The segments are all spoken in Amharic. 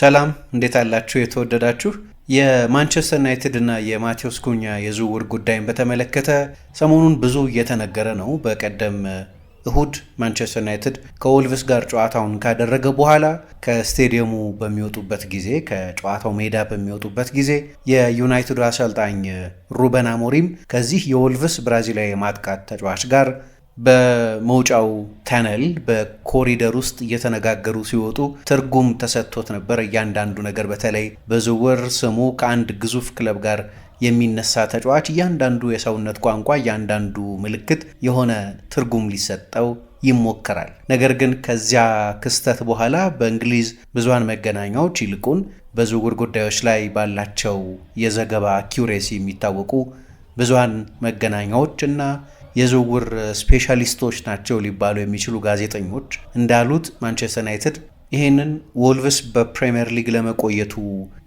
ሰላም እንዴት አላችሁ? የተወደዳችሁ የማንቸስተር ዩናይትድና የማቴዎስ ኩኛ የዝውውር ጉዳይን በተመለከተ ሰሞኑን ብዙ እየተነገረ ነው። በቀደም እሁድ ማንቸስተር ዩናይትድ ከወልቭስ ጋር ጨዋታውን ካደረገ በኋላ ከስቴዲየሙ በሚወጡበት ጊዜ ከጨዋታው ሜዳ በሚወጡበት ጊዜ የዩናይትዱ አሰልጣኝ ሩበን አሞሪም ከዚህ የወልቭስ ብራዚላዊ የማጥቃት ተጫዋች ጋር በመውጫው ተነል በኮሪደር ውስጥ እየተነጋገሩ ሲወጡ ትርጉም ተሰጥቶት ነበር። እያንዳንዱ ነገር በተለይ በዝውውር ስሙ ከአንድ ግዙፍ ክለብ ጋር የሚነሳ ተጫዋች እያንዳንዱ የሰውነት ቋንቋ፣ እያንዳንዱ ምልክት የሆነ ትርጉም ሊሰጠው ይሞከራል። ነገር ግን ከዚያ ክስተት በኋላ በእንግሊዝ ብዙሃን መገናኛዎች ይልቁን በዝውውር ጉዳዮች ላይ ባላቸው የዘገባ ኪውሬሲ የሚታወቁ ብዙሃን መገናኛዎች እና የዝውውር ስፔሻሊስቶች ናቸው ሊባሉ የሚችሉ ጋዜጠኞች እንዳሉት ማንቸስተር ዩናይትድ ይህንን ወልቭስ በፕሪምየር ሊግ ለመቆየቱ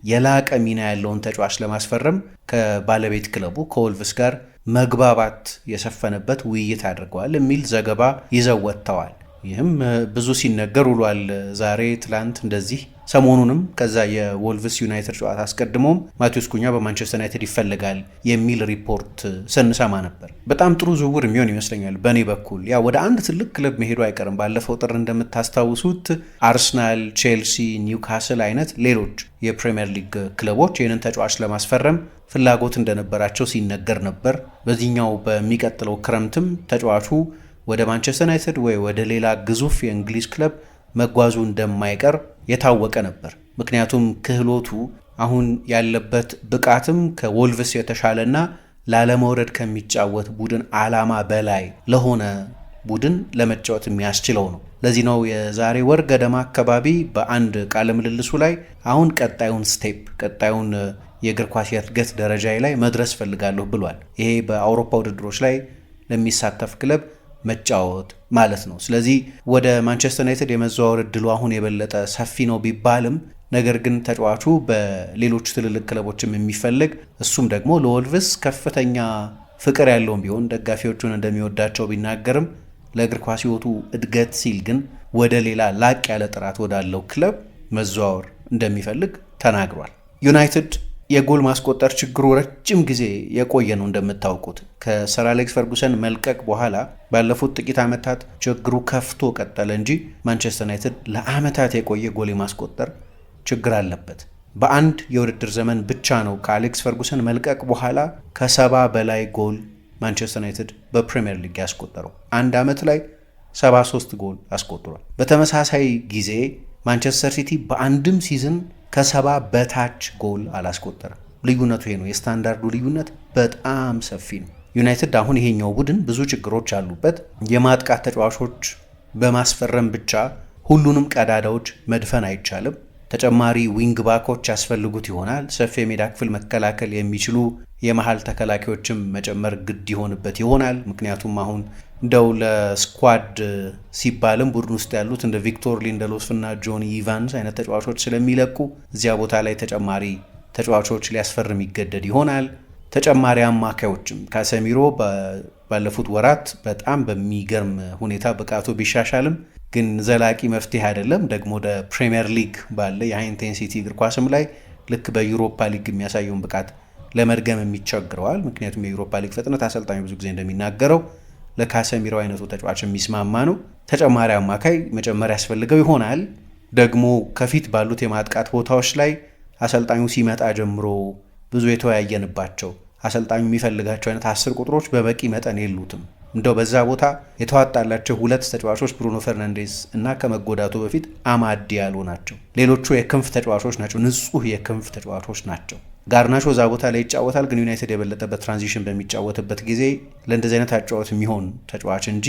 የላቀ ሚና ያለውን ተጫዋች ለማስፈረም ከባለቤት ክለቡ ከወልቭስ ጋር መግባባት የሰፈነበት ውይይት አድርገዋል የሚል ዘገባ ይዘው ወጥተዋል። ይህም ብዙ ሲነገር ውሏል። ዛሬ ትላንት እንደዚህ ሰሞኑንም ከዛ የወልቭስ ዩናይትድ ጨዋታ አስቀድሞም ማቴዎስ ኩኛ በማንቸስተር ዩናይትድ ይፈልጋል የሚል ሪፖርት ስንሰማ ነበር። በጣም ጥሩ ዝውውር የሚሆን ይመስለኛል። በእኔ በኩል ያ ወደ አንድ ትልቅ ክለብ መሄዱ አይቀርም። ባለፈው ጥር እንደምታስታውሱት አርስናል፣ ቼልሲ፣ ኒውካስል አይነት ሌሎች የፕሪምየር ሊግ ክለቦች ይህንን ተጫዋች ለማስፈረም ፍላጎት እንደነበራቸው ሲነገር ነበር። በዚህኛው በሚቀጥለው ክረምትም ተጫዋቹ ወደ ማንቸስተር ዩናይትድ ወይ ወደ ሌላ ግዙፍ የእንግሊዝ ክለብ መጓዙ እንደማይቀር የታወቀ ነበር። ምክንያቱም ክህሎቱ አሁን ያለበት ብቃትም ከወልቭስ የተሻለና ላለመውረድ ከሚጫወት ቡድን ዓላማ በላይ ለሆነ ቡድን ለመጫወት የሚያስችለው ነው። ለዚህ ነው የዛሬ ወር ገደማ አካባቢ በአንድ ቃለ ምልልሱ ላይ አሁን ቀጣዩን ስቴፕ ቀጣዩን የእግር ኳስ የእድገት ደረጃ ላይ መድረስ ፈልጋለሁ ብሏል። ይሄ በአውሮፓ ውድድሮች ላይ ለሚሳተፍ ክለብ መጫወት ማለት ነው። ስለዚህ ወደ ማንቸስተር ዩናይትድ የመዘዋወር እድሉ አሁን የበለጠ ሰፊ ነው ቢባልም ነገር ግን ተጫዋቹ በሌሎች ትልልቅ ክለቦችም የሚፈልግ እሱም ደግሞ ለወልቭስ ከፍተኛ ፍቅር ያለውም ቢሆን ደጋፊዎቹን እንደሚወዳቸው ቢናገርም ለእግር ኳስ ሕይወቱ እድገት ሲል ግን ወደ ሌላ ላቅ ያለ ጥራት ወዳለው ክለብ መዘዋወር እንደሚፈልግ ተናግሯል። ዩናይትድ የጎል ማስቆጠር ችግሩ ረጅም ጊዜ የቆየ ነው። እንደምታውቁት ከሰር አሌክስ ፈርጉሰን መልቀቅ በኋላ ባለፉት ጥቂት ዓመታት ችግሩ ከፍቶ ቀጠለ እንጂ ማንቸስተር ዩናይትድ ለዓመታት የቆየ ጎል ማስቆጠር ችግር አለበት። በአንድ የውድድር ዘመን ብቻ ነው ከአሌክስ ፈርጉሰን መልቀቅ በኋላ ከሰባ በላይ ጎል ማንቸስተር ዩናይትድ በፕሪምየር ሊግ ያስቆጠረው። አንድ ዓመት ላይ 73 ጎል አስቆጥሯል። በተመሳሳይ ጊዜ ማንቸስተር ሲቲ በአንድም ሲዝን ከሰባ በታች ጎል አላስቆጠረም። ልዩነቱ ይሄ ነው። የስታንዳርዱ ልዩነት በጣም ሰፊ ነው። ዩናይትድ አሁን ይሄኛው ቡድን ብዙ ችግሮች አሉበት። የማጥቃት ተጫዋቾች በማስፈረም ብቻ ሁሉንም ቀዳዳዎች መድፈን አይቻልም። ተጨማሪ ዊንግ ባኮች ያስፈልጉት ይሆናል። ሰፊ የሜዳ ክፍል መከላከል የሚችሉ የመሀል ተከላካዮችም መጨመር ግድ ይሆንበት ይሆናል። ምክንያቱም አሁን እንደው ለስኳድ ሲባልም ቡድን ውስጥ ያሉት እንደ ቪክቶር ሊንደሎፍ እና ጆኒ ኢቫንስ አይነት ተጫዋቾች ስለሚለቁ እዚያ ቦታ ላይ ተጨማሪ ተጫዋቾች ሊያስፈርም ይገደድ ይሆናል። ተጨማሪ አማካዮችም ካሰሚሮ ባለፉት ወራት በጣም በሚገርም ሁኔታ ብቃቱ ቢሻሻልም ግን ዘላቂ መፍትሄ አይደለም። ደግሞ ወደ ፕሪምየር ሊግ ባለ የሃይ ኢንቴንሲቲ እግር ኳስም ላይ ልክ በዩሮፓ ሊግ የሚያሳየውን ብቃት ለመድገም የሚቸግረዋል። ምክንያቱም የዩሮፓ ሊግ ፍጥነት አሰልጣኙ ብዙ ጊዜ እንደሚናገረው ለካሰሚሮ አይነቱ ተጫዋች የሚስማማ ነው። ተጨማሪ አማካይ መጨመር ያስፈልገው ይሆናል። ደግሞ ከፊት ባሉት የማጥቃት ቦታዎች ላይ አሰልጣኙ ሲመጣ ጀምሮ ብዙ የተወያየንባቸው አሰልጣኙ የሚፈልጋቸው አይነት አስር ቁጥሮች በበቂ መጠን የሉትም። እንደው በዛ ቦታ የተዋጣላቸው ሁለት ተጫዋቾች ብሩኖ ፈርናንዴስ እና ከመጎዳቱ በፊት አማዲ ያሉ ናቸው። ሌሎቹ የክንፍ ተጫዋቾች ናቸው፣ ንጹህ የክንፍ ተጫዋቾች ናቸው። ጋርናቾ እዛ ቦታ ላይ ይጫወታል፣ ግን ዩናይትድ የበለጠበት ትራንዚሽን በሚጫወትበት ጊዜ ለእንደዚህ አይነት አጫወት የሚሆን ተጫዋች እንጂ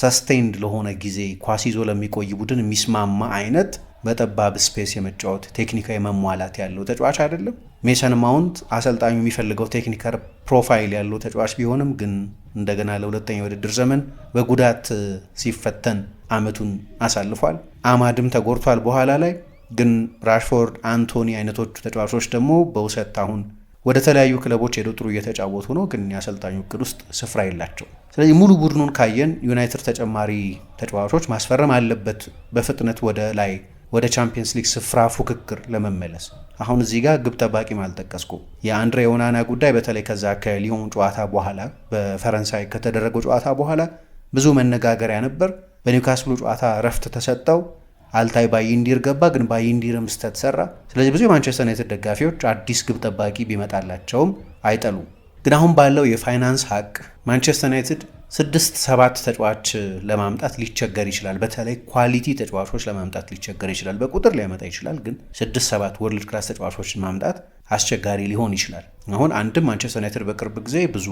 ሰስቴንድ ለሆነ ጊዜ ኳስ ይዞ ለሚቆይ ቡድን የሚስማማ አይነት በጠባብ ስፔስ የመጫወት ቴክኒካዊ መሟላት ያለው ተጫዋች አይደለም። ሜሰን ማውንት አሰልጣኙ የሚፈልገው ቴክኒካል ፕሮፋይል ያለው ተጫዋች ቢሆንም ግን እንደገና ለሁለተኛ ውድድር ዘመን በጉዳት ሲፈተን አመቱን አሳልፏል። አማድም ተጎድቷል በኋላ ላይ ግን ራሽፎርድ፣ አንቶኒ አይነቶቹ ተጫዋቾች ደግሞ በውሰት አሁን ወደ ተለያዩ ክለቦች ሄደው ጥሩ እየተጫወቱ ነው፣ ግን የአሰልጣኙ እቅድ ውስጥ ስፍራ የላቸው። ስለዚህ ሙሉ ቡድኑን ካየን ዩናይትድ ተጨማሪ ተጫዋቾች ማስፈረም አለበት በፍጥነት ወደ ላይ ወደ ቻምፒየንስ ሊግ ስፍራ ፉክክር ለመመለስ። አሁን እዚህ ጋር ግብ ጠባቂም አልጠቀስኩ። የአንድሬ ኦናና ጉዳይ በተለይ ከዛ ከሊዮን ጨዋታ በኋላ በፈረንሳይ ከተደረገው ጨዋታ በኋላ ብዙ መነጋገሪያ ነበር። በኒውካስሉ ጨዋታ ረፍት ተሰጠው። አልታይ ባይንዲር ገባ፣ ግን ባይንዲርም ስህተት ሰራ። ስለዚህ ብዙ የማንቸስተር ዩናይትድ ደጋፊዎች አዲስ ግብ ጠባቂ ቢመጣላቸውም አይጠሉም። ግን አሁን ባለው የፋይናንስ ሀቅ ማንቸስተር ዩናይትድ ስድስት ሰባት ተጫዋች ለማምጣት ሊቸገር ይችላል። በተለይ ኳሊቲ ተጫዋቾች ለማምጣት ሊቸገር ይችላል። በቁጥር ሊያመጣ ይችላል፣ ግን ስድስት ሰባት ወርልድ ክላስ ተጫዋቾችን ማምጣት አስቸጋሪ ሊሆን ይችላል። አሁን አንድም ማንቸስተር ዩናይትድ በቅርብ ጊዜ ብዙ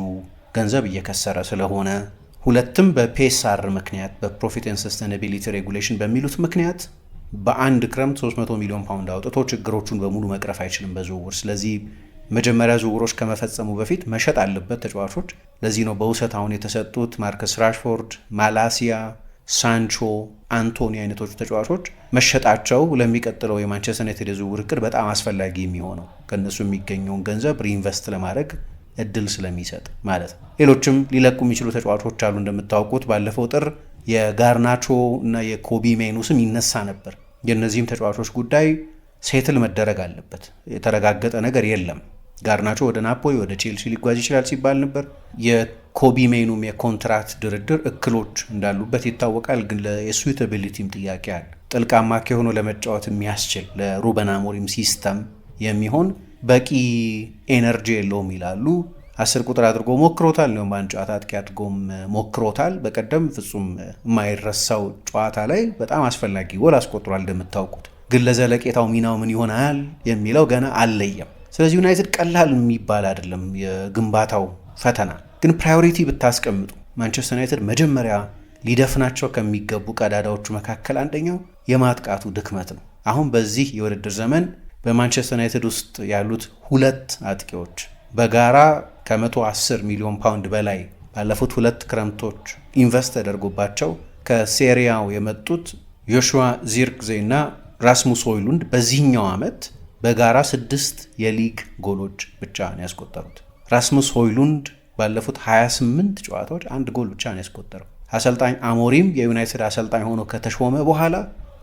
ገንዘብ እየከሰረ ስለሆነ ሁለትም በፔሳር ምክንያት ን ሰስተናቢሊቲ ሬጉሌሽን በሚሉት ምክንያት በአንድ ክረምት 300 ሚሊዮን ፓውንድ አውጥቶ ችግሮቹን በሙሉ መቅረፍ አይችልም በዝውውር። ስለዚህ መጀመሪያ ዝውውሮች ከመፈጸሙ በፊት መሸጥ አለበት ተጫዋቾች። ለዚህ ነው በውሰት አሁን የተሰጡት ማርከስ ራሽፎርድ፣ ማላሲያ፣ ሳንቾ፣ አንቶኒ አይነቶቹ ተጫዋቾች መሸጣቸው ለሚቀጥለው የማንቸስተር ዩናይትድ የዝውውር እቅድ በጣም አስፈላጊ የሚሆነው ከእነሱ የሚገኘውን ገንዘብ ሪኢንቨስት ለማድረግ እድል ስለሚሰጥ ማለት ነው። ሌሎችም ሊለቁ የሚችሉ ተጫዋቾች አሉ። እንደምታውቁት ባለፈው ጥር የጋርናቾ እና የኮቢ ሜኑ ስም ይነሳ ነበር። የእነዚህም ተጫዋቾች ጉዳይ ሴትል መደረግ አለበት። የተረጋገጠ ነገር የለም። ጋርናቾ ወደ ናፖሊ፣ ወደ ቼልሲ ሊጓዝ ይችላል ሲባል ነበር። የኮቢ ሜኑም የኮንትራት ድርድር እክሎች እንዳሉበት ይታወቃል። ግን የሱዊተቢሊቲም ጥያቄ አለ። ጥልቅ አማካይ ሆኖ ለመጫወት የሚያስችል ለሩበን አሞሪም ሲስተም የሚሆን በቂ ኤነርጂ የለውም ይላሉ። አስር ቁጥር አድርጎ ሞክሮታል። እንዲሁም በአንድ ጨዋታ አጥቂ አድርጎም ሞክሮታል። በቀደም ፍጹም የማይረሳው ጨዋታ ላይ በጣም አስፈላጊ ጎል አስቆጥሯል። እንደምታውቁት ግን ለዘለቄታው ሚናው ምን ይሆናል የሚለው ገና አለየም። ስለዚህ ዩናይትድ ቀላል የሚባል አይደለም የግንባታው ፈተና። ግን ፕራዮሪቲ ብታስቀምጡ ማንቸስተር ዩናይትድ መጀመሪያ ሊደፍናቸው ከሚገቡ ቀዳዳዎቹ መካከል አንደኛው የማጥቃቱ ድክመት ነው። አሁን በዚህ የውድድር ዘመን በማንቸስተር ዩናይትድ ውስጥ ያሉት ሁለት አጥቂዎች በጋራ ከ110 ሚሊዮን ፓውንድ በላይ ባለፉት ሁለት ክረምቶች ኢንቨስት ተደርጎባቸው ከሴሪያው የመጡት ዮሹዋ ዚርክዜ እና ራስሙስ ሆይሉንድ በዚህኛው ዓመት በጋራ ስድስት የሊግ ጎሎች ብቻ ነው ያስቆጠሩት። ራስሙስ ሆይሉንድ ባለፉት 28 ጨዋታዎች አንድ ጎል ብቻ ነው ያስቆጠረው። አሰልጣኝ አሞሪም የዩናይትድ አሰልጣኝ ሆኖ ከተሾመ በኋላ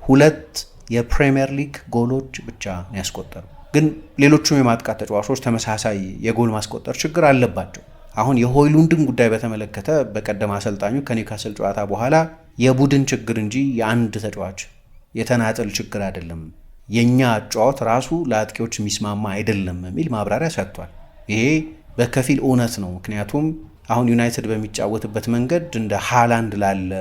ሁለት የፕሪምየር ሊግ ጎሎች ብቻ ነው ያስቆጠሩ። ግን ሌሎቹም የማጥቃት ተጫዋቾች ተመሳሳይ የጎል ማስቆጠር ችግር አለባቸው። አሁን የሆይሉንድን ጉዳይ በተመለከተ በቀደም አሰልጣኙ ከኒውካስል ጨዋታ በኋላ የቡድን ችግር እንጂ የአንድ ተጫዋች የተናጠል ችግር አይደለም፣ የእኛ ጨዋት ራሱ ለአጥቂዎች የሚስማማ አይደለም የሚል ማብራሪያ ሰጥቷል። ይሄ በከፊል እውነት ነው። ምክንያቱም አሁን ዩናይትድ በሚጫወትበት መንገድ እንደ ሃላንድ ላለ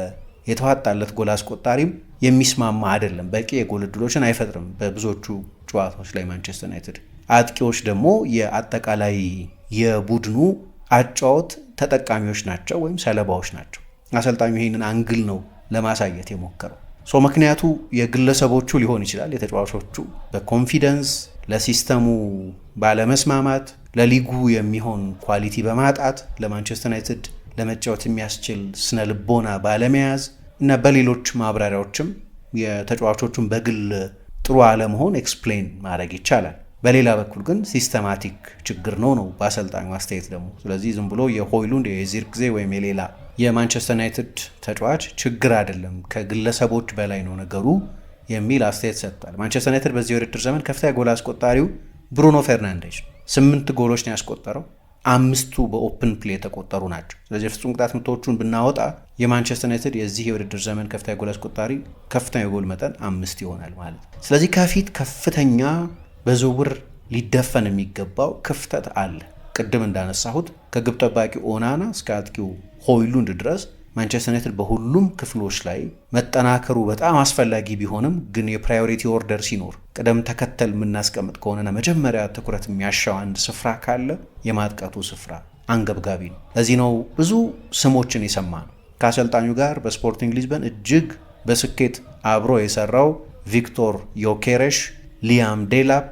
የተዋጣለት ጎል አስቆጣሪም የሚስማማ አይደለም። በቂ የጎል እድሎችን አይፈጥርም በብዙዎቹ ጨዋታዎች ላይ ማንቸስተር ዩናይትድ። አጥቂዎች ደግሞ የአጠቃላይ የቡድኑ አጫወት ተጠቃሚዎች ናቸው ወይም ሰለባዎች ናቸው። አሰልጣኙ ይህንን አንግል ነው ለማሳየት የሞከረው። ሶ ምክንያቱ የግለሰቦቹ ሊሆን ይችላል። የተጫዋቾቹ በኮንፊደንስ ለሲስተሙ ባለመስማማት፣ ለሊጉ የሚሆን ኳሊቲ በማጣት፣ ለማንቸስተር ዩናይትድ ለመጫወት የሚያስችል ስነ ልቦና ባለመያዝ እና በሌሎች ማብራሪያዎችም የተጫዋቾቹን በግል ጥሩ አለመሆን ኤክስፕሌን ማድረግ ይቻላል። በሌላ በኩል ግን ሲስተማቲክ ችግር ነው ነው በአሰልጣኙ አስተያየት ደግሞ። ስለዚህ ዝም ብሎ የሆይሉንድ የዚር ጊዜ ወይም የሌላ የማንቸስተር ዩናይትድ ተጫዋች ችግር አይደለም ከግለሰቦች በላይ ነው ነገሩ የሚል አስተያየት ሰጥቷል። ማንቸስተር ዩናይትድ በዚህ የውድድር ዘመን ከፍተኛ ጎል አስቆጣሪው ብሩኖ ፌርናንዴዥ ስምንት ጎሎች ነው ያስቆጠረው። አምስቱ በኦፕን ፕሌ የተቆጠሩ ናቸው። ስለዚህ የፍጹም ቅጣት ምቶቹን ብናወጣ የማንቸስተር ዩናይትድ የዚህ የውድድር ዘመን ከፍተኛ ጎል አስቆጣሪ ከፍተኛ የጎል መጠን አምስት ይሆናል ማለት ነው። ስለዚህ ከፊት ከፍተኛ በዝውውር ሊደፈን የሚገባው ክፍተት አለ። ቅድም እንዳነሳሁት ከግብ ጠባቂ ኦናና እስከ አጥቂው ሆይሉንድ ድረስ ማንቸስተር ዩናይትድ በሁሉም ክፍሎች ላይ መጠናከሩ በጣም አስፈላጊ ቢሆንም ግን የፕራዮሪቲ ኦርደር ሲኖር ቅደም ተከተል የምናስቀምጥ ከሆነና መጀመሪያ ትኩረት የሚያሻው አንድ ስፍራ ካለ የማጥቃቱ ስፍራ አንገብጋቢ ነው። ለዚህ ነው ብዙ ስሞችን የሰማ ነው ከአሰልጣኙ ጋር በስፖርቲንግ ሊዝበን እጅግ በስኬት አብሮ የሰራው ቪክቶር ዮኬሬሽ፣ ሊያም ዴላፕ፣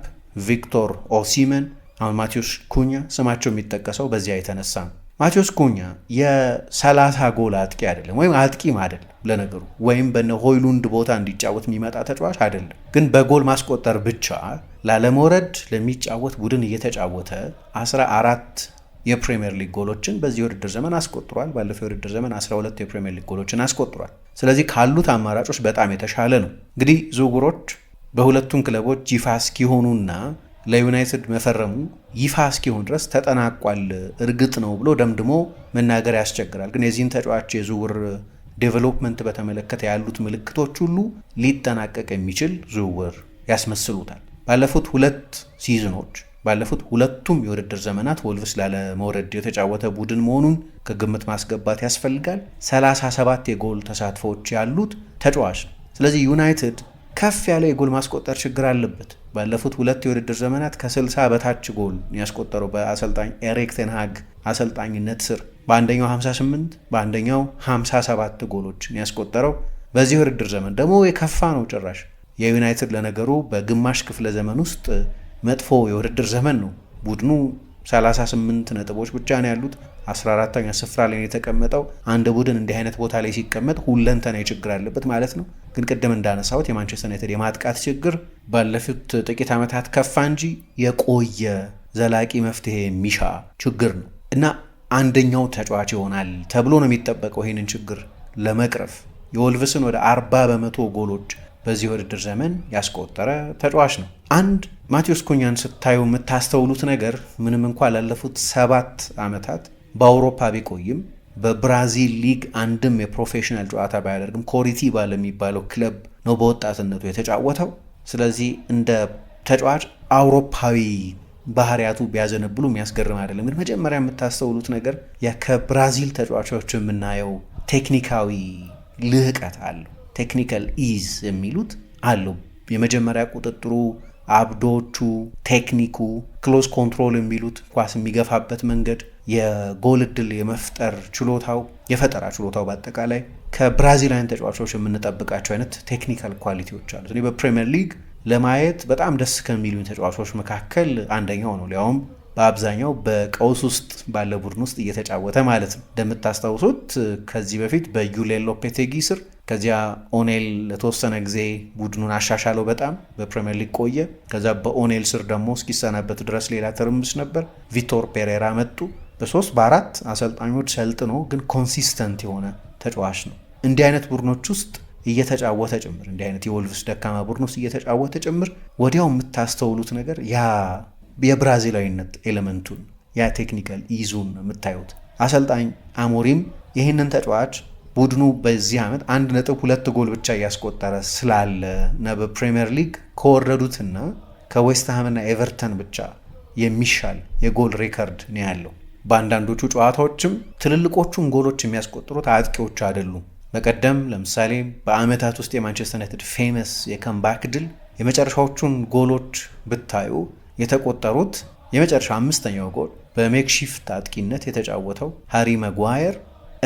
ቪክቶር ኦሲመን፣ አሁን ማቴዎስ ኩኛ ስማቸው የሚጠቀሰው በዚያ የተነሳ ነው። ማቴዎስ ኩኛ የ30 ጎል አጥቂ አይደለም፣ ወይም አጥቂም አይደለም ለነገሩ ወይም በነ ሆይሉንድ ቦታ እንዲጫወት የሚመጣ ተጫዋች አይደለም። ግን በጎል ማስቆጠር ብቻ ላለመውረድ ለሚጫወት ቡድን እየተጫወተ 14 የፕሪሚየር ሊግ ጎሎችን በዚህ የውድድር ዘመን አስቆጥሯል። ባለፈው የውድድር ዘመን 12 የፕሪሚየር ሊግ ጎሎችን አስቆጥሯል። ስለዚህ ካሉት አማራጮች በጣም የተሻለ ነው። እንግዲህ ዝውውሮች በሁለቱም ክለቦች ይፋ እስኪሆኑና ለዩናይትድ መፈረሙ ይፋ እስኪሆን ድረስ ተጠናቋል እርግጥ ነው ብሎ ደምድሞ መናገር ያስቸግራል። ግን የዚህን ተጫዋች የዝውውር ዴቨሎፕመንት በተመለከተ ያሉት ምልክቶች ሁሉ ሊጠናቀቅ የሚችል ዝውውር ያስመስሉታል። ባለፉት ሁለት ሲዝኖች ባለፉት ሁለቱም የውድድር ዘመናት ወልቭስ ላለመውረድ የተጫወተ ቡድን መሆኑን ከግምት ማስገባት ያስፈልጋል። 37 የጎል ተሳትፎዎች ያሉት ተጫዋች ነው። ስለዚህ ዩናይትድ ከፍ ያለ የጎል ማስቆጠር ችግር አለበት። ባለፉት ሁለት የውድድር ዘመናት ከ60 በታች ጎል ያስቆጠረው በአሰልጣኝ ኤሪክ ቴንሃግ አሰልጣኝነት ስር በአንደኛው 58 በአንደኛው 57 ጎሎች ያስቆጠረው በዚህ የውድድር ዘመን ደግሞ የከፋ ነው ጭራሽ የዩናይትድ ለነገሩ በግማሽ ክፍለ ዘመን ውስጥ መጥፎ የውድድር ዘመን ነው። ቡድኑ 38 ነጥቦች ብቻ ነው ያሉት። 14ተኛ ስፍራ ላይ ነው የተቀመጠው። አንድ ቡድን እንዲህ አይነት ቦታ ላይ ሲቀመጥ ሁለንተና ችግር አለበት ማለት ነው። ግን ቅድም እንዳነሳሁት የማንቸስተር ዩናይትድ የማጥቃት ችግር ባለፉት ጥቂት ዓመታት ከፋ እንጂ የቆየ ዘላቂ መፍትሄ የሚሻ ችግር ነው እና አንደኛው ተጫዋች ይሆናል ተብሎ ነው የሚጠበቀው ይህንን ችግር ለመቅረፍ የወልቭስን ወደ 40 በመቶ ጎሎች በዚህ ውድድር ዘመን ያስቆጠረ ተጫዋች ነው። አንድ ማቴዎስ ኩኛን ስታዩ የምታስተውሉት ነገር ምንም እንኳ ላለፉት ሰባት ዓመታት በአውሮፓ ቢቆይም በብራዚል ሊግ አንድም የፕሮፌሽናል ጨዋታ ባያደርግም ኮሪቲባ ለሚባለው ክለብ ነው በወጣትነቱ የተጫወተው። ስለዚህ እንደ ተጫዋች አውሮፓዊ ባህሪያቱ ቢያዘነብሉ የሚያስገርም አይደለም። ግን መጀመሪያ የምታስተውሉት ነገር ከብራዚል ተጫዋቾች የምናየው ቴክኒካዊ ልህቀት አለው። ቴክኒካል ኢዝ የሚሉት አሉ። የመጀመሪያ ቁጥጥሩ፣ አብዶቹ፣ ቴክኒኩ፣ ክሎዝ ኮንትሮል የሚሉት ኳስ የሚገፋበት መንገድ፣ የጎል እድል የመፍጠር ችሎታው፣ የፈጠራ ችሎታው በአጠቃላይ ከብራዚላውያን ተጫዋቾች የምንጠብቃቸው አይነት ቴክኒካል ኳሊቲዎች አሉት። እኔ በፕሪምየር ሊግ ለማየት በጣም ደስ ከሚሉኝ ተጫዋቾች መካከል አንደኛው ነው። ሊያውም በአብዛኛው በቀውስ ውስጥ ባለ ቡድን ውስጥ እየተጫወተ ማለት ነው። እንደምታስታውሱት ከዚህ በፊት በዩሊያን ሎፔቴጊ ስር ከዚያ ኦኔል ለተወሰነ ጊዜ ቡድኑን አሻሻለው፣ በጣም በፕሪምየር ሊግ ቆየ። ከዛ በኦኔል ስር ደግሞ እስኪሰናበት ድረስ ሌላ ትርምስ ነበር። ቪቶር ፔሬራ መጡ። በሶስት በአራት አሰልጣኞች ሰልጥኖ ግን ኮንሲስተንት የሆነ ተጫዋች ነው። እንዲህ አይነት ቡድኖች ውስጥ እየተጫወተ ጭምር እንዲህ አይነት የወልቭስ ደካማ ቡድን ውስጥ እየተጫወተ ጭምር ወዲያው የምታስተውሉት ነገር ያ የብራዚላዊነት ኤሌመንቱን ያ ቴክኒካል ይዙን የምታዩት አሰልጣኝ አሞሪም ይህንን ተጫዋች ቡድኑ በዚህ ዓመት አንድ ነጥብ ሁለት ጎል ብቻ እያስቆጠረ ስላለ እና በፕሪምየር ሊግ ከወረዱትና ከዌስትሃምና ኤቨርተን ብቻ የሚሻል የጎል ሪከርድ ነው ያለው። በአንዳንዶቹ ጨዋታዎችም ትልልቆቹን ጎሎች የሚያስቆጥሩት አጥቂዎች አይደሉም። በቀደም ለምሳሌ በዓመታት ውስጥ የማንቸስተር ዩናይትድ ፌመስ የከምባክ ድል የመጨረሻዎቹን ጎሎች ብታዩ የተቆጠሩት የመጨረሻ አምስተኛው ጎል በሜክሺፍት አጥቂነት የተጫወተው ሃሪ መጓየር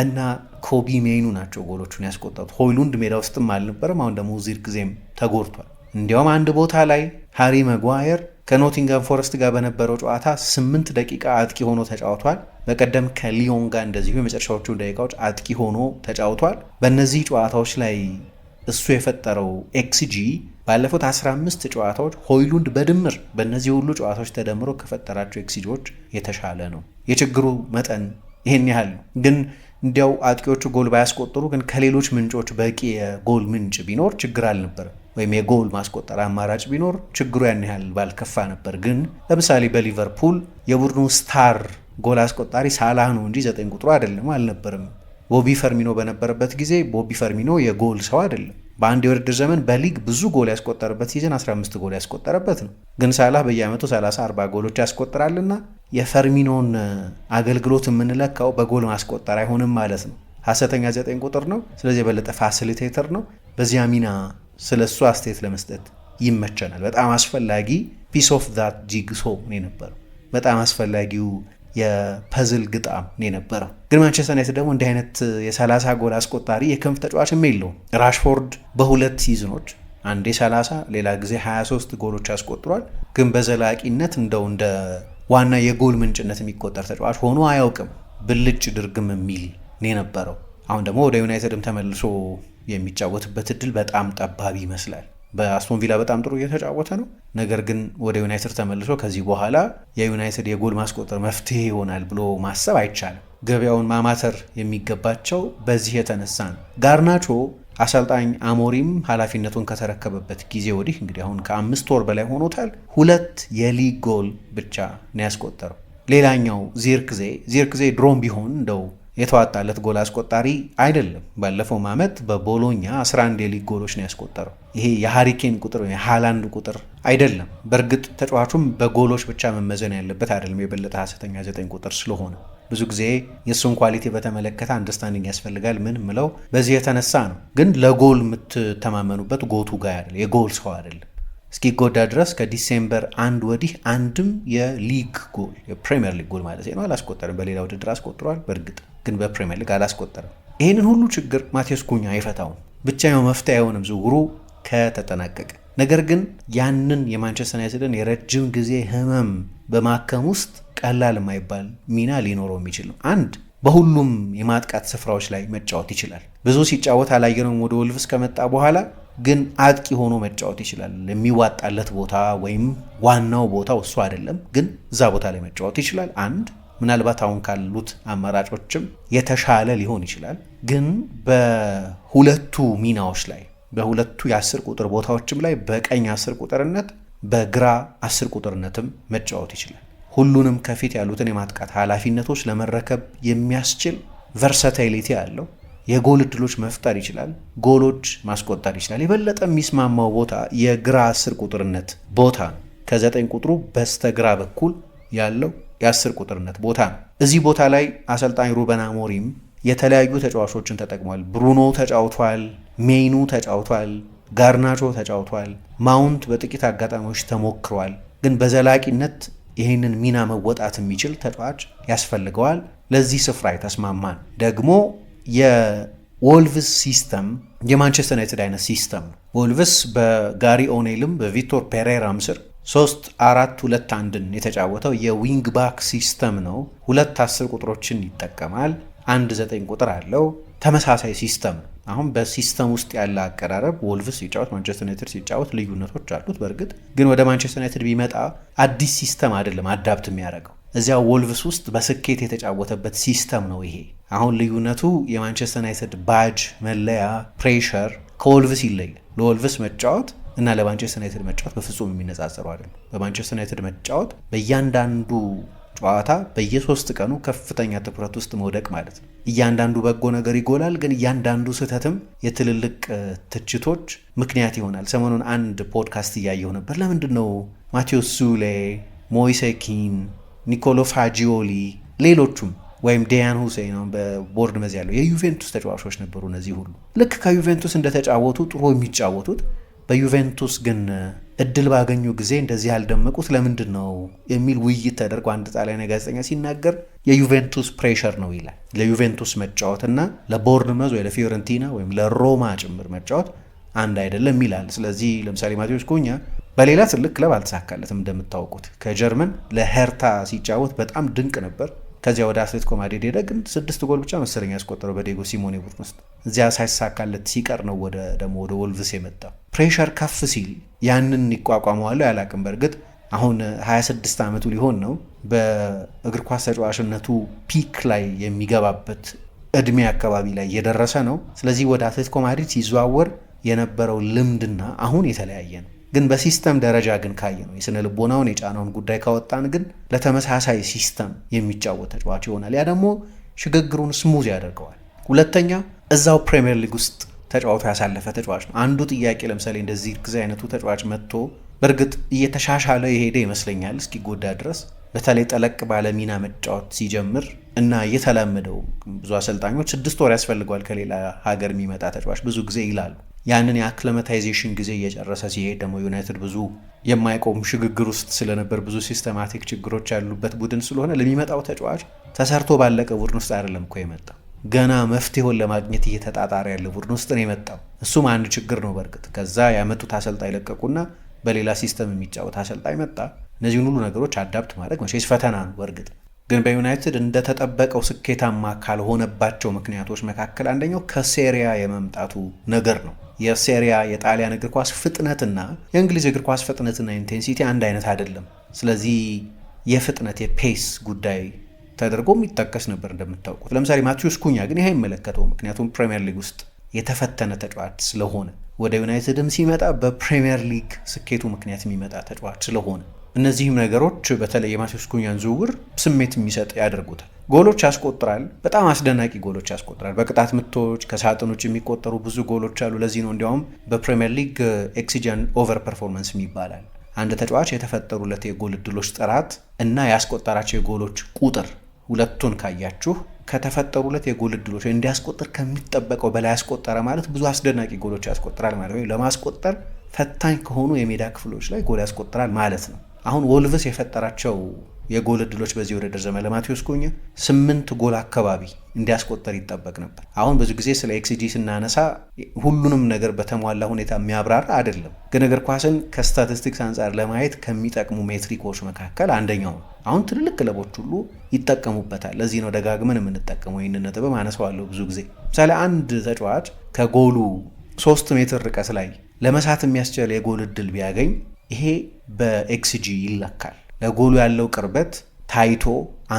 እና ኮቢ ሜይኑ ናቸው ጎሎቹን ያስቆጠሩት። ሆይሉንድ ሜዳ ውስጥም አልነበረም። አሁን ደግሞ ዚር ጊዜም ተጎድቷል። እንዲያውም አንድ ቦታ ላይ ሃሪ መጓየር ከኖቲንጋም ፎረስት ጋር በነበረው ጨዋታ ስምንት ደቂቃ አጥቂ ሆኖ ተጫውቷል። በቀደም ከሊዮን ጋር እንደዚሁ የመጨረሻዎቹ ደቂቃዎች አጥቂ ሆኖ ተጫውቷል። በእነዚህ ጨዋታዎች ላይ እሱ የፈጠረው ኤክስጂ ባለፉት 15 ጨዋታዎች ሆይሉንድ በድምር በእነዚህ ሁሉ ጨዋታዎች ተደምሮ ከፈጠራቸው ኤክስጂዎች የተሻለ ነው። የችግሩ መጠን ይህን ያህል ግን እንዲያው አጥቂዎቹ ጎል ባያስቆጠሩ ግን ከሌሎች ምንጮች በቂ የጎል ምንጭ ቢኖር ችግር አልነበረ ወይም የጎል ማስቆጠር አማራጭ ቢኖር ችግሩ ያን ያህል ባልከፋ ነበር። ግን ለምሳሌ በሊቨርፑል የቡድኑ ስታር ጎል አስቆጣሪ ሳላህ ነው እንጂ ዘጠኝ ቁጥሩ አይደለም አልነበርም። ቦቢ ፈርሚኖ በነበረበት ጊዜ ቦቢ ፈርሚኖ የጎል ሰው አይደለም። በአንድ የውድድር ዘመን በሊግ ብዙ ጎል ያስቆጠረበት ሲዝን 15 ጎል ያስቆጠረበት ነው። ግን ሳላህ በየአመቱ 30 40 ጎሎች ያስቆጥራልና የፈርሚኖን አገልግሎት የምንለካው በጎል ማስቆጠር አይሆንም ማለት ነው። ሀሰተኛ ዘጠኝ ቁጥር ነው። ስለዚህ የበለጠ ፋሲሊቴተር ነው። በዚያ ሚና ስለ እሱ አስተያየት ለመስጠት ይመቸናል። በጣም አስፈላጊ ፒስ ኦፍ ዛት ጂግሶ ነው የነበረው። በጣም አስፈላጊው የፐዝል ግጣም ነው የነበረው። ግን ማንቸስተር ዩናይትድ ደግሞ እንዲህ አይነት የ30 ጎል አስቆጣሪ የክንፍ ተጫዋችም የለውም። ራሽፎርድ በሁለት ሲዝኖች አንዴ 30 ሌላ ጊዜ 23 ጎሎች አስቆጥሯል። ግን በዘላቂነት እንደው እንደ ዋና የጎል ምንጭነት የሚቆጠር ተጫዋች ሆኖ አያውቅም። ብልጭ ድርግም የሚል ነው የነበረው። አሁን ደግሞ ወደ ዩናይትድም ተመልሶ የሚጫወትበት እድል በጣም ጠባብ ይመስላል። በአስቶን ቪላ በጣም ጥሩ እየተጫወተ ነው። ነገር ግን ወደ ዩናይትድ ተመልሶ ከዚህ በኋላ የዩናይትድ የጎል ማስቆጠር መፍትሄ ይሆናል ብሎ ማሰብ አይቻልም። ገበያውን ማማተር የሚገባቸው በዚህ የተነሳ ነው። ጋርናቾ አሰልጣኝ አሞሪም ኃላፊነቱን ከተረከበበት ጊዜ ወዲህ እንግዲህ አሁን ከአምስት ወር በላይ ሆኖታል። ሁለት የሊግ ጎል ብቻ ነው ያስቆጠረው። ሌላኛው ዚርክዜ ዚርክዜ ድሮም ቢሆን እንደው የተዋጣለት ጎል አስቆጣሪ አይደለም። ባለፈው ዓመት በቦሎኛ 11 የሊግ ጎሎች ነው ያስቆጠረው። ይሄ የሃሪኬን ቁጥር ወይም የሃላንድ ቁጥር አይደለም። በእርግጥ ተጫዋቹም በጎሎች ብቻ መመዘን ያለበት አይደለም፣ የበለጠ ሐሰተኛ ዘጠኝ ቁጥር ስለሆነ ብዙ ጊዜ የእሱን ኳሊቲ በተመለከተ አንደርስታንዲንግ ያስፈልጋል። ምን ምለው በዚህ የተነሳ ነው። ግን ለጎል የምትተማመኑበት ጎቱ ጋር አይደለም፣ የጎል ሰው አይደለም። እስኪጎዳ ድረስ ከዲሴምበር አንድ ወዲህ አንድም የሊግ ጎል የፕሪሚየር ሊግ ጎል ማለት ነው አላስቆጠርም። በሌላ ውድድር አስቆጥሯል፣ በእርግጥ ግን በፕሪሚየር ሊግ አላስቆጠርም። ይህንን ሁሉ ችግር ማቴዎስ ኩኛ አይፈታውም። ብቻው መፍትሄ አይሆንም ዝውውሩ ከተጠናቀቀ። ነገር ግን ያንን የማንቸስተር ዩናይትድን የረጅም ጊዜ ህመም በማከም ውስጥ ቀላል የማይባል ሚና ሊኖረው የሚችል ነው። አንድ በሁሉም የማጥቃት ስፍራዎች ላይ መጫወት ይችላል። ብዙ ሲጫወት አላየነውም ወደ ወልቭስ ከመጣ በኋላ ግን አጥቂ ሆኖ መጫወት ይችላል። የሚዋጣለት ቦታ ወይም ዋናው ቦታው እሱ አይደለም፣ ግን እዛ ቦታ ላይ መጫወት ይችላል። አንድ ምናልባት አሁን ካሉት አማራጮችም የተሻለ ሊሆን ይችላል። ግን በሁለቱ ሚናዎች ላይ በሁለቱ የአስር ቁጥር ቦታዎችም ላይ በቀኝ አስር ቁጥርነት በግራ አስር ቁጥርነትም መጫወት ይችላል። ሁሉንም ከፊት ያሉትን የማጥቃት ኃላፊነቶች ለመረከብ የሚያስችል ቨርሳታይሊቲ አለው። የጎል እድሎች መፍጠር ይችላል። ጎሎች ማስቆጠር ይችላል። የበለጠ የሚስማማው ቦታ የግራ አስር ቁጥርነት ቦታ ነው። ከዘጠኝ ቁጥሩ በስተግራ በኩል ያለው የአስር ቁጥርነት ቦታ ነው። እዚህ ቦታ ላይ አሰልጣኝ ሩበን አሞሪም የተለያዩ ተጫዋቾችን ተጠቅሟል። ብሩኖ ተጫውቷል፣ ሜኑ ተጫውቷል፣ ጋርናቾ ተጫውቷል፣ ማውንት በጥቂት አጋጣሚዎች ተሞክሯል። ግን በዘላቂነት ይህንን ሚና መወጣት የሚችል ተጫዋች ያስፈልገዋል። ለዚህ ስፍራ የተስማማን ደግሞ የወልቭስ ሲስተም የማንቸስተር ዩናይትድ አይነት ሲስተም ነው። ወልቭስ በጋሪ ኦኔልም በቪክቶር ፔሬራም ስር ሶስት አራት ሁለት አንድን የተጫወተው የዊንግ ባክ ሲስተም ነው። ሁለት አስር ቁጥሮችን ይጠቀማል። አንድ ዘጠኝ ቁጥር አለው። ተመሳሳይ ሲስተም ነው። አሁን በሲስተም ውስጥ ያለ አቀራረብ ወልቭስ ሲጫወት ማንቸስተር ዩናይትድ ሲጫወት ልዩነቶች አሉት። በእርግጥ ግን ወደ ማንቸስተር ዩናይትድ ቢመጣ አዲስ ሲስተም አይደለም አዳፕት የሚያደርገው እዚያ ወልቭስ ውስጥ በስኬት የተጫወተበት ሲስተም ነው ይሄ። አሁን ልዩነቱ የማንቸስተር ዩናይትድ ባጅ፣ መለያ፣ ፕሬሸር ከወልቭስ ይለያል። ለወልቭስ መጫወት እና ለማንቸስተር ዩናይትድ መጫወት በፍጹም የሚነጻጸሩ አይደለም። በማንቸስተር ዩናይትድ መጫወት በእያንዳንዱ ጨዋታ በየሶስት ቀኑ ከፍተኛ ትኩረት ውስጥ መውደቅ ማለት ነው። እያንዳንዱ በጎ ነገር ይጎላል፣ ግን እያንዳንዱ ስህተትም የትልልቅ ትችቶች ምክንያት ይሆናል። ሰሞኑን አንድ ፖድካስት እያየሁ ነበር። ለምንድን ነው ማቴዎስ ሱሌ፣ ሞይሴኪን፣ ኒኮሎ ፋጂዮሊ ሌሎቹም ወይም ዲያን ሁሴን በቦርድ መዝ ያለው የዩቬንቱስ ተጫዋቾች ነበሩ። እነዚህ ሁሉ ልክ ከዩቬንቱስ እንደተጫወቱ ጥሩ የሚጫወቱት በዩቬንቱስ ግን እድል ባገኙ ጊዜ እንደዚህ ያልደመቁት ለምንድን ነው የሚል ውይይት ተደርጎ አንድ ጣሊያናዊ ጋዜጠኛ ሲናገር የዩቬንቱስ ፕሬሸር ነው ይላል። ለዩቬንቱስ መጫወትና ለቦርንመዝ ወይ ለፊዮረንቲና ወይም ለሮማ ጭምር መጫወት አንድ አይደለም ይላል። ስለዚህ ለምሳሌ ማቴዎስ ኩኛ በሌላ ትልቅ ክለብ አልተሳካለትም። እንደምታውቁት ከጀርመን ለሄርታ ሲጫወት በጣም ድንቅ ነበር። ከዚያ ወደ አትሌቲኮ ማድሪድ ሄደ። ግን ስድስት ጎል ብቻ መሰለኝ ያስቆጠረው በዴጎ ሲሞኔ ቡድን ውስጥ። እዚያ ሳይሳካለት ሲቀር ነው ወደ ደግሞ ወደ ወልቭስ የመጣው። ፕሬሸር ከፍ ሲል ያንን ይቋቋመዋለሁ ያላቅም። በእርግጥ አሁን 26 ዓመቱ ሊሆን ነው። በእግር ኳስ ተጫዋችነቱ ፒክ ላይ የሚገባበት እድሜ አካባቢ ላይ እየደረሰ ነው። ስለዚህ ወደ አትሌቲኮ ማድሪድ ሲዘዋወር የነበረው ልምድና አሁን የተለያየ ነው። ግን በሲስተም ደረጃ ግን ካየ ነው የስነ ልቦናውን የጫነውን ጉዳይ ካወጣን ግን ለተመሳሳይ ሲስተም የሚጫወት ተጫዋች ይሆናል። ያ ደግሞ ሽግግሩን ስሙዝ ያደርገዋል። ሁለተኛ እዛው ፕሪምየር ሊግ ውስጥ ተጫዋቱ ያሳለፈ ተጫዋች ነው። አንዱ ጥያቄ ለምሳሌ እንደዚህ ጊዜ አይነቱ ተጫዋች መጥቶ በእርግጥ እየተሻሻለ የሄደ ይመስለኛል እስኪጎዳ ድረስ በተለይ ጠለቅ ባለ ሚና መጫወት ሲጀምር እና እየተላመደው ብዙ አሰልጣኞች ስድስት ወር ያስፈልገዋል ከሌላ ሀገር የሚመጣ ተጫዋች ብዙ ጊዜ ይላሉ። ያንን የአክለመታይዜሽን ጊዜ እየጨረሰ ሲሄድ ደግሞ ዩናይትድ ብዙ የማይቆም ሽግግር ውስጥ ስለነበር ብዙ ሲስተማቲክ ችግሮች ያሉበት ቡድን ስለሆነ ለሚመጣው ተጫዋች ተሰርቶ ባለቀ ቡድን ውስጥ አይደለም እኮ የመጣው ገና መፍትሄውን ለማግኘት እየተጣጣረ ያለ ቡድን ውስጥ ነው የመጣው። እሱም አንድ ችግር ነው። በእርግጥ ከዛ ያመጡት አሰልጣኝ ለቀቁና በሌላ ሲስተም የሚጫወት አሰልጣኝ መጣ። እነዚህን ሁሉ ነገሮች አዳፕት ማድረግ መቼስ ፈተና ነው በእርግጥ ግን በዩናይትድ እንደተጠበቀው ስኬታማ ካልሆነባቸው ምክንያቶች መካከል አንደኛው ከሴሪያ የመምጣቱ ነገር ነው። የሴሪያ የጣሊያን እግር ኳስ ፍጥነትና የእንግሊዝ እግር ኳስ ፍጥነትና ኢንቴንሲቲ አንድ አይነት አይደለም። ስለዚህ የፍጥነት የፔስ ጉዳይ ተደርጎ የሚጠቀስ ነበር እንደምታውቁት። ለምሳሌ ማቴዎስ ኩኛ ግን ይህ አይመለከተው፣ ምክንያቱም ፕሪምየር ሊግ ውስጥ የተፈተነ ተጫዋች ስለሆነ፣ ወደ ዩናይትድም ሲመጣ በፕሪምየር ሊግ ስኬቱ ምክንያት የሚመጣ ተጫዋች ስለሆነ እነዚህም ነገሮች በተለይ የማቴዎስ ኩኛን ዝውውር ስሜት የሚሰጥ ያደርጉታል። ጎሎች ያስቆጥራል። በጣም አስደናቂ ጎሎች ያስቆጥራል። በቅጣት ምቶች ከሳጥኖች የሚቆጠሩ ብዙ ጎሎች አሉ። ለዚህ ነው እንዲያውም በፕሪምየር ሊግ ኤክሲጀን ኦቨር ፐርፎርማንስ ይባላል። አንድ ተጫዋች የተፈጠሩለት የጎል እድሎች ጥራት እና ያስቆጠራቸው የጎሎች ቁጥር ሁለቱን ካያችሁ ከተፈጠሩለት የጎል እድሎች እንዲያስቆጥር ከሚጠበቀው በላይ ያስቆጠረ ማለት ብዙ አስደናቂ ጎሎች ያስቆጥራል ማለት ነው። ለማስቆጠር ፈታኝ ከሆኑ የሜዳ ክፍሎች ላይ ጎል ያስቆጥራል ማለት ነው። አሁን ወልቭስ የፈጠራቸው የጎል እድሎች በዚህ ውድድር ዘመን ለማቴዎስ ኩኛ ስምንት ጎል አካባቢ እንዲያስቆጠር ይጠበቅ ነበር። አሁን ብዙ ጊዜ ስለ ኤክስጂ ስናነሳ ሁሉንም ነገር በተሟላ ሁኔታ የሚያብራራ አይደለም፣ ግን እግር ኳስን ከስታቲስቲክስ አንጻር ለማየት ከሚጠቅሙ ሜትሪኮች መካከል አንደኛው ነው። አሁን ትልልቅ ክለቦች ሁሉ ይጠቀሙበታል። ለዚህ ነው ደጋግመን የምንጠቀመው። ይህን ነጥብም አነሳዋለሁ ብዙ ጊዜ። ምሳሌ አንድ ተጫዋች ከጎሉ ሶስት ሜትር ርቀት ላይ ለመሳት የሚያስችል የጎል እድል ቢያገኝ ይሄ በኤክስጂ ይለካል። ለጎሉ ያለው ቅርበት ታይቶ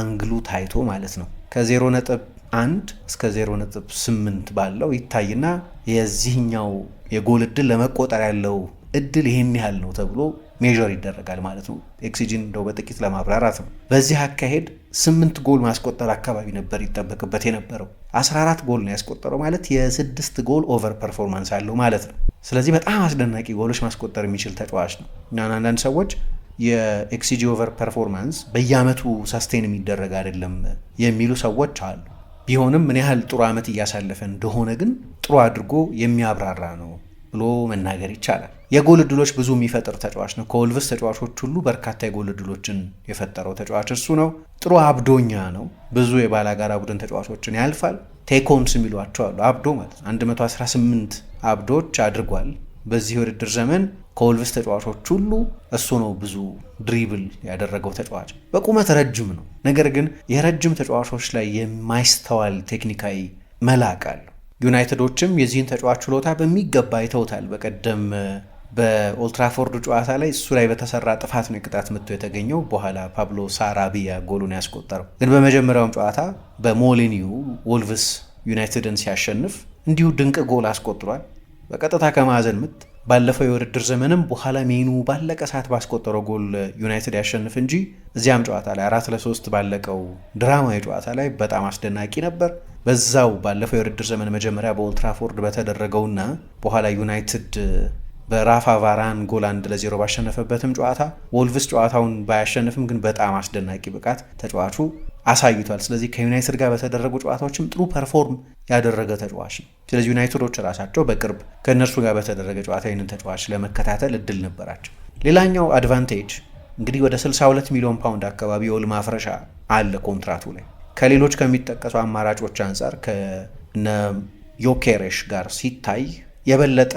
አንግሉ ታይቶ ማለት ነው። ከዜሮ ነጥብ 1 እስከ ዜሮ ነጥብ ስምንት ባለው ይታይና የዚህኛው የጎል እድል ለመቆጠር ያለው እድል ይህን ያህል ነው ተብሎ ሜዥር ይደረጋል ማለት ነው። ኤክስጂን እንደው በጥቂት ለማብራራት ነው። በዚህ አካሄድ ስምንት ጎል ማስቆጠር አካባቢ ነበር ይጠበቅበት የነበረው። 14 ጎል ነው ያስቆጠረው ማለት የስድስት ጎል ኦቨር ፐርፎርማንስ አለው ማለት ነው። ስለዚህ በጣም አስደናቂ ጎሎች ማስቆጠር የሚችል ተጫዋች ነው እና አንዳንድ ሰዎች የኤክሲጂ ኦቨር ፐርፎርማንስ በየአመቱ ሳስቴን የሚደረግ አይደለም የሚሉ ሰዎች አሉ። ቢሆንም ምን ያህል ጥሩ አመት እያሳለፈ እንደሆነ ግን ጥሩ አድርጎ የሚያብራራ ነው ብሎ መናገር ይቻላል። የጎል እድሎች ብዙ የሚፈጥር ተጫዋች ነው። ከወልቭስ ተጫዋቾች ሁሉ በርካታ የጎል እድሎችን የፈጠረው ተጫዋች እሱ ነው። ጥሩ አብዶኛ ነው። ብዙ የባላጋራ ቡድን ተጫዋቾችን ያልፋል። ቴኮንስ የሚሏቸው አሉ። አብዶ ማለት 118 አብዶች አድርጓል በዚህ የውድድር ዘመን። ከወልቭስ ተጫዋቾች ሁሉ እሱ ነው ብዙ ድሪብል ያደረገው ተጫዋች። በቁመት ረጅም ነው፣ ነገር ግን የረጅም ተጫዋቾች ላይ የማይስተዋል ቴክኒካዊ መላቅ አለው። ዩናይትዶችም የዚህን ተጫዋች ችሎታ በሚገባ አይተውታል። በቀደም በኦልትራፎርድ ጨዋታ ላይ እሱ ላይ በተሰራ ጥፋት ነው የቅጣት ምቶ የተገኘው። በኋላ ፓብሎ ሳራቢያ ጎሉን ያስቆጠረው ግን በመጀመሪያውም ጨዋታ በሞሊኒው ወልቭስ ዩናይትድን ሲያሸንፍ እንዲሁ ድንቅ ጎል አስቆጥሯል። በቀጥታ ከማዕዘን ምት ባለፈው የውድድር ዘመንም በኋላ ሜኑ ባለቀ ሰዓት ባስቆጠረው ጎል ዩናይትድ ያሸንፍ እንጂ እዚያም ጨዋታ ላይ አራት ለሶስት ባለቀው ድራማዊ ጨዋታ ላይ በጣም አስደናቂ ነበር። በዛው ባለፈው የውድድር ዘመን መጀመሪያ በኦልትራፎርድ በተደረገውና በኋላ ዩናይትድ በራፋ ቫራን ጎል አንድ ለዜሮ ባሸነፈበትም ጨዋታ ወልቭስ ጨዋታውን ባያሸንፍም ግን በጣም አስደናቂ ብቃት ተጫዋቹ አሳይቷል። ስለዚህ ከዩናይትድ ጋር በተደረጉ ጨዋታዎችም ጥሩ ፐርፎርም ያደረገ ተጫዋች ነው። ስለዚህ ዩናይትዶች ራሳቸው በቅርብ ከእነርሱ ጋር በተደረገ ጨዋታ ይህንን ተጫዋች ለመከታተል እድል ነበራቸው። ሌላኛው አድቫንቴጅ እንግዲህ ወደ 62 ሚሊዮን ፓውንድ አካባቢ የውል ማፍረሻ አለ ኮንትራቱ ላይ ከሌሎች ከሚጠቀሱ አማራጮች አንጻር ከነ ዮኬሬሽ ጋር ሲታይ የበለጠ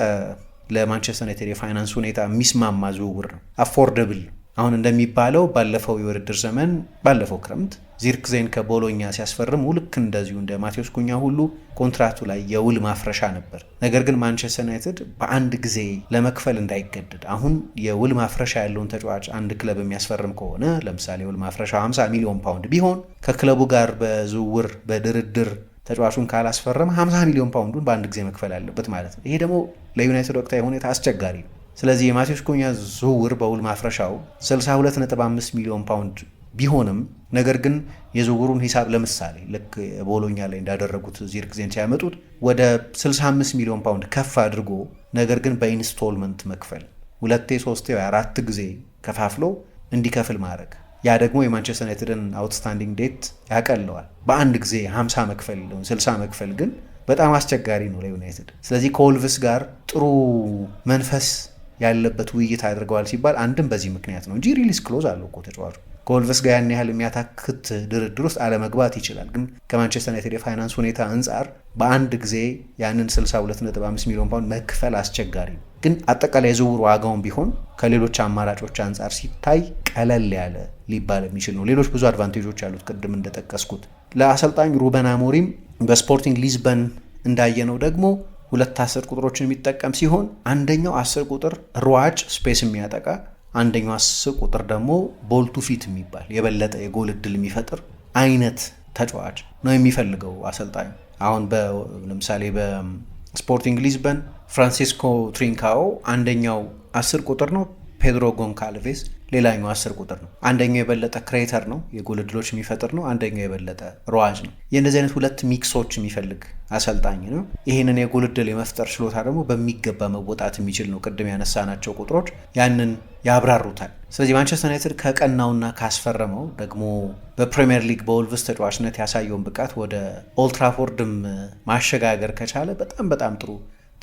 ለማንቸስተር ዩናይትድ የፋይናንስ ሁኔታ የሚስማማ ዝውውር ነው። አፎርደብል አሁን እንደሚባለው ባለፈው የውድድር ዘመን ባለፈው ክረምት ዚርክዜን ከቦሎኛ ሲያስፈርሙ ልክ እንደዚሁ እንደ ማቴዎስ ኩኛ ሁሉ ኮንትራቱ ላይ የውል ማፍረሻ ነበር። ነገር ግን ማንቸስተር ዩናይትድ በአንድ ጊዜ ለመክፈል እንዳይገደድ አሁን የውል ማፍረሻ ያለውን ተጫዋች አንድ ክለብ የሚያስፈርም ከሆነ ለምሳሌ የውል ማፍረሻ 50 ሚሊዮን ፓውንድ ቢሆን ከክለቡ ጋር በዝውውር በድርድር ተጫዋቹን ካላስፈረመ 50 ሚሊዮን ፓውንዱን በአንድ ጊዜ መክፈል አለበት ማለት ነው። ይሄ ደግሞ ለዩናይትድ ወቅታዊ ሁኔታ አስቸጋሪ ነው። ስለዚህ የማቴዎስ ኩኛ ዝውውር በውል ማፍረሻው 62.5 ሚሊዮን ፓውንድ ቢሆንም ነገር ግን የዝውውሩን ሂሳብ ለምሳሌ ልክ ቦሎኛ ላይ እንዳደረጉት ዚርክዜን ሲያመጡት ወደ 65 ሚሊዮን ፓውንድ ከፍ አድርጎ ነገር ግን በኢንስቶልመንት መክፈል ሁለቴ ሶስቴ አራት ጊዜ ከፋፍሎ እንዲከፍል ማድረግ ያ ደግሞ የማንቸስተር ዩናይትድን አውትስታንዲንግ ዴት ያቀለዋል። በአንድ ጊዜ 50 መክፈል 60 መክፈል ግን በጣም አስቸጋሪ ነው ለዩናይትድ። ስለዚህ ከወልቭስ ጋር ጥሩ መንፈስ ያለበት ውይይት አድርገዋል ሲባል አንድም በዚህ ምክንያት ነው እንጂ ሪሊስ ክሎዝ አለው እኮ ተጫዋቹ። ከወልቨስ ጋር ያን ያህል የሚያታክት ድርድር ውስጥ አለመግባት ይችላል። ግን ከማንቸስተር ዩናይትድ የፋይናንስ ሁኔታ አንጻር በአንድ ጊዜ ያንን 62.5 ሚሊዮን ፓውንድ መክፈል አስቸጋሪ ነው። ግን አጠቃላይ የዝውውር ዋጋውን ቢሆን ከሌሎች አማራጮች አንጻር ሲታይ ቀለል ያለ ሊባል የሚችል ነው። ሌሎች ብዙ አድቫንቴጆች ያሉት ቅድም እንደጠቀስኩት ለአሰልጣኝ ሩበን አሞሪም በስፖርቲንግ ሊዝበን እንዳየነው ደግሞ ሁለት አስር ቁጥሮችን የሚጠቀም ሲሆን አንደኛው አስር ቁጥር ሯጭ ስፔስ የሚያጠቃ አንደኛው አስር ቁጥር ደግሞ ቦልቱ ፊት የሚባል የበለጠ የጎል እድል የሚፈጥር አይነት ተጫዋች ነው የሚፈልገው አሰልጣኝ። አሁን ለምሳሌ በስፖርቲንግ ሊዝበን ፍራንሲስኮ ትሪንካኦ አንደኛው አስር ቁጥር ነው። ፔድሮ ጎንካልቬስ ሌላኛው አስር ቁጥር ነው። አንደኛው የበለጠ ክሬተር ነው፣ የጎል እድሎች የሚፈጥር ነው። አንደኛው የበለጠ ሯጭ ነው። የእነዚህ አይነት ሁለት ሚክሶች የሚፈልግ አሰልጣኝ ነው። ይህንን የጎል እድል የመፍጠር ችሎታ ደግሞ በሚገባ መወጣት የሚችል ነው። ቅድም ያነሳናቸው ቁጥሮች ያንን ያብራሩታል። ስለዚህ ማንቸስተር ዩናይትድ ከቀናውና ካስፈረመው ደግሞ በፕሪምየር ሊግ በወልቭስ ተጫዋችነት ያሳየውን ብቃት ወደ ኦልትራፎርድም ማሸጋገር ከቻለ በጣም በጣም ጥሩ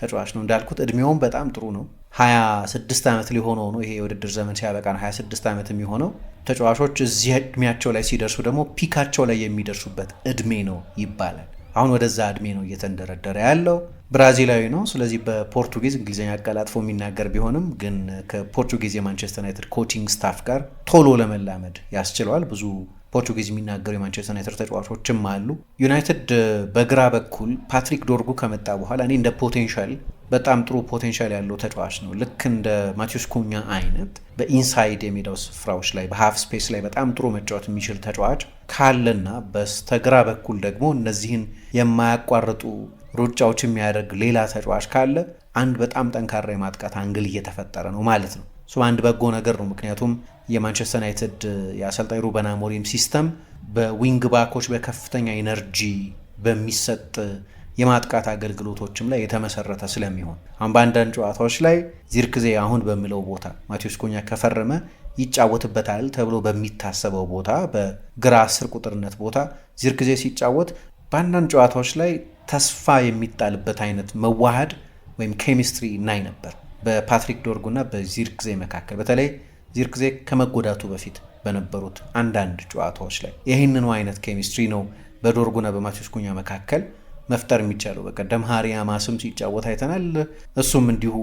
ተጫዋች ነው እንዳልኩት እድሜውም በጣም ጥሩ ነው። 26 ዓመት ሊሆነው ነው ይሄ የውድድር ዘመን ሲያበቃ ነው 26 ዓመት የሚሆነው። ተጫዋቾች እዚህ እድሜያቸው ላይ ሲደርሱ ደግሞ ፒካቸው ላይ የሚደርሱበት እድሜ ነው ይባላል። አሁን ወደዛ እድሜ ነው እየተንደረደረ ያለው። ብራዚላዊ ነው። ስለዚህ በፖርቱጊዝ እንግሊዝኛ አቀላጥፎ የሚናገር ቢሆንም ግን ከፖርቱጊዝ የማንቸስተር ዩናይትድ ኮቺንግ ስታፍ ጋር ቶሎ ለመላመድ ያስችለዋል። ብዙ ፖርቱጊዝ የሚናገሩ የማንቸስተር ዩናይትድ ተጫዋቾችም አሉ። ዩናይትድ በግራ በኩል ፓትሪክ ዶርጉ ከመጣ በኋላ እኔ እንደ ፖቴንሻል በጣም ጥሩ ፖቴንሻል ያለው ተጫዋች ነው። ልክ እንደ ማቴዎስ ኩኛ አይነት በኢንሳይድ የሜዳው ስፍራዎች ላይ በሀፍ ስፔስ ላይ በጣም ጥሩ መጫወት የሚችል ተጫዋች ካለና በስተግራ በኩል ደግሞ እነዚህን የማያቋርጡ ሩጫዎች የሚያደርግ ሌላ ተጫዋች ካለ አንድ በጣም ጠንካራ የማጥቃት አንግል እየተፈጠረ ነው ማለት ነው። አንድ በጎ ነገር ነው። ምክንያቱም የማንቸስተር ዩናይትድ የአሰልጣኝ ሩበን አሞሪም ሲስተም በዊንግ ባኮች በከፍተኛ ኢነርጂ በሚሰጥ የማጥቃት አገልግሎቶችም ላይ የተመሰረተ ስለሚሆን አሁን በአንዳንድ ጨዋታዎች ላይ ዚርክዜ አሁን በሚለው ቦታ ማቴዎስ ኩኛ ከፈረመ ይጫወትበታል ተብሎ በሚታሰበው ቦታ በግራ አስር ቁጥርነት ቦታ ዚርክዜ ሲጫወት በአንዳንድ ጨዋታዎች ላይ ተስፋ የሚጣልበት አይነት መዋሃድ ወይም ኬሚስትሪ እናይ ነበር። በፓትሪክ ዶርጉና በዚርክዜ መካከል በተለይ ዚርክዜ ከመጎዳቱ በፊት በነበሩት አንዳንድ ጨዋታዎች ላይ ይህንኑ አይነት ኬሚስትሪ ነው በዶርጉና በማቴዎስ ኩኛ መካከል መፍጠር የሚቻለው። በቀደም ሀሪያ ማስም ሲጫወት አይተናል። እሱም እንዲሁ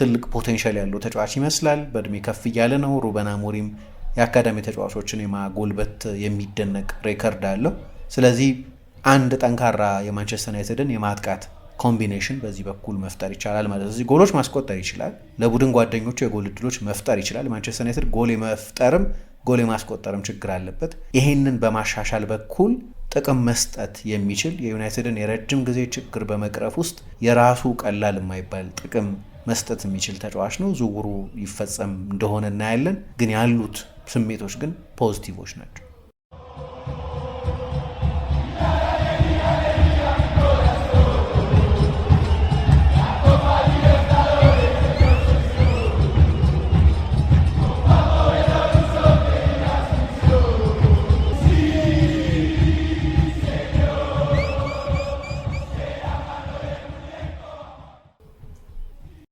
ትልቅ ፖቴንሻል ያለው ተጫዋች ይመስላል። በእድሜ ከፍ እያለ ነው። ሩበን አሞሪም የአካዳሚ ተጫዋቾችን የማጎልበት የሚደነቅ ሬከርድ አለው። ስለዚህ አንድ ጠንካራ የማንቸስተር ዩናይትድን የማጥቃት ኮምቢኔሽን በዚህ በኩል መፍጠር ይቻላል ማለት ስለዚህ ጎሎች ማስቆጠር ይችላል። ለቡድን ጓደኞቹ የጎል እድሎች መፍጠር ይችላል። ማንቸስተር ዩናይትድ ጎል የመፍጠርም ጎል የማስቆጠርም ችግር አለበት። ይሄንን በማሻሻል በኩል ጥቅም መስጠት የሚችል የዩናይትድን የረጅም ጊዜ ችግር በመቅረፍ ውስጥ የራሱ ቀላል የማይባል ጥቅም መስጠት የሚችል ተጫዋች ነው። ዝውውሩ ይፈጸም እንደሆነ እናያለን። ግን ያሉት ስሜቶች ግን ፖዚቲቮች ናቸው።